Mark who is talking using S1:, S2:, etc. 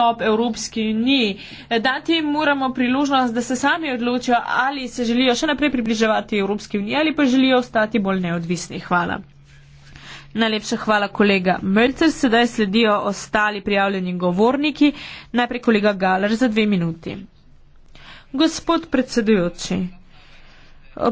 S1: vstop Evropski uniji. Dati jim moramo priložnost, da se sami odločijo, ali se želijo še naprej približevati Evropski uniji ali pa želijo ostati bolj neodvisni. Hvala. Najlepša hvala, kolega Mölcer. Sedaj sledijo ostali prijavljeni govorniki. Najprej kolega Galer za dve minuti. Gospod predsedujoči.